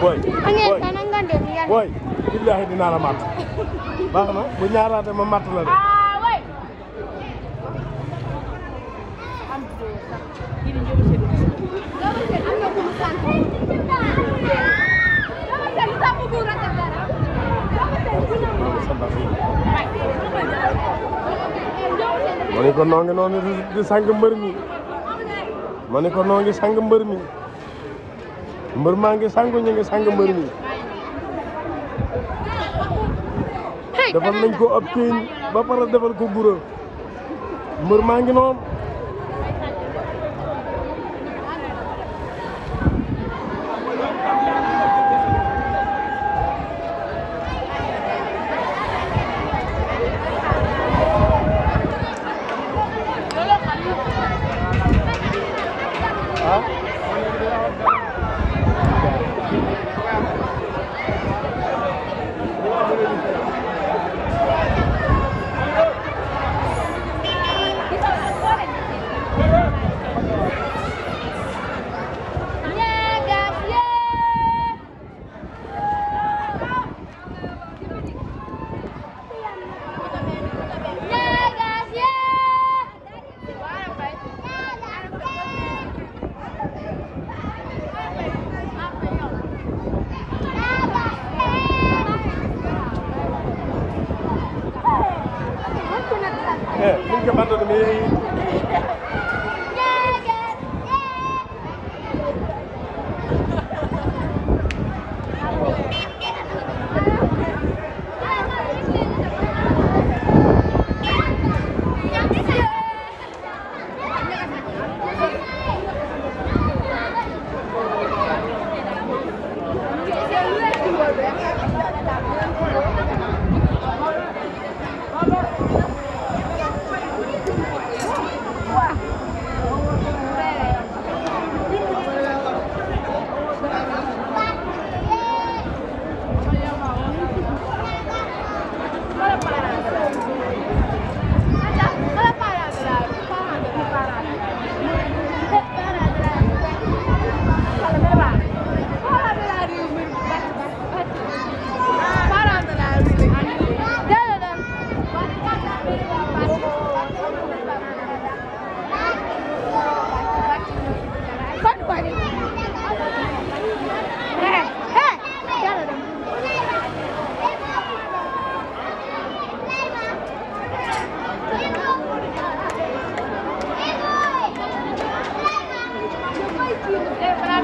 booy booy booy billaahi dinaa la màtt baax na bu ñaaraate ma màtt la de. ma ko noo ngi noonu di sang mbër mi ma ko noo ngi sang mbër mi mbër maa ngi sangu ñu ngi sang mbër mi defal nañ ko ab teen ba pare defal ko gura mbër maa ngi noonu Gemeinde Mehl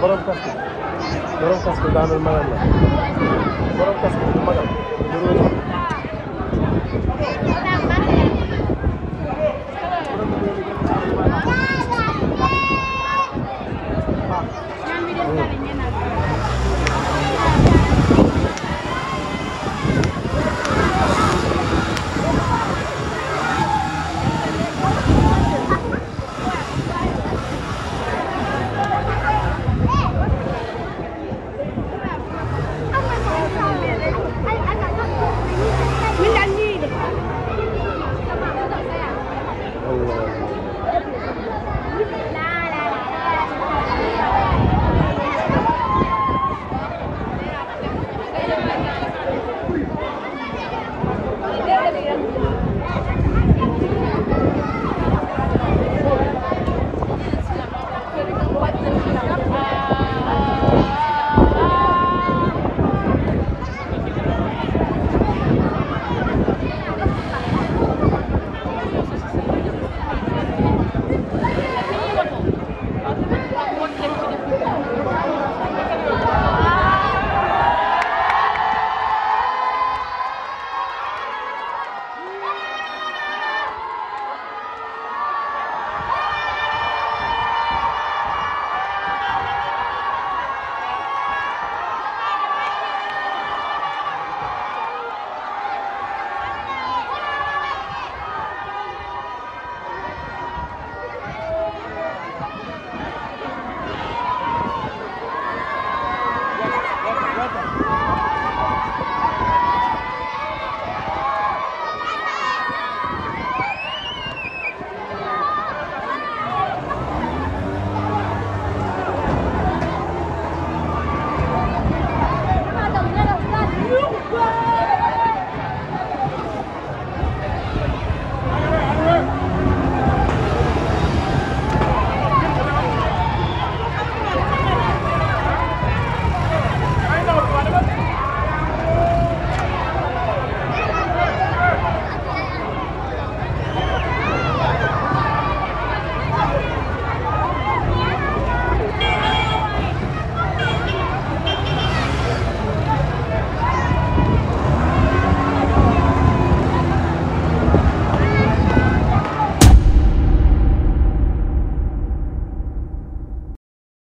borom casque borom casque daanul magam la borom casque bu magam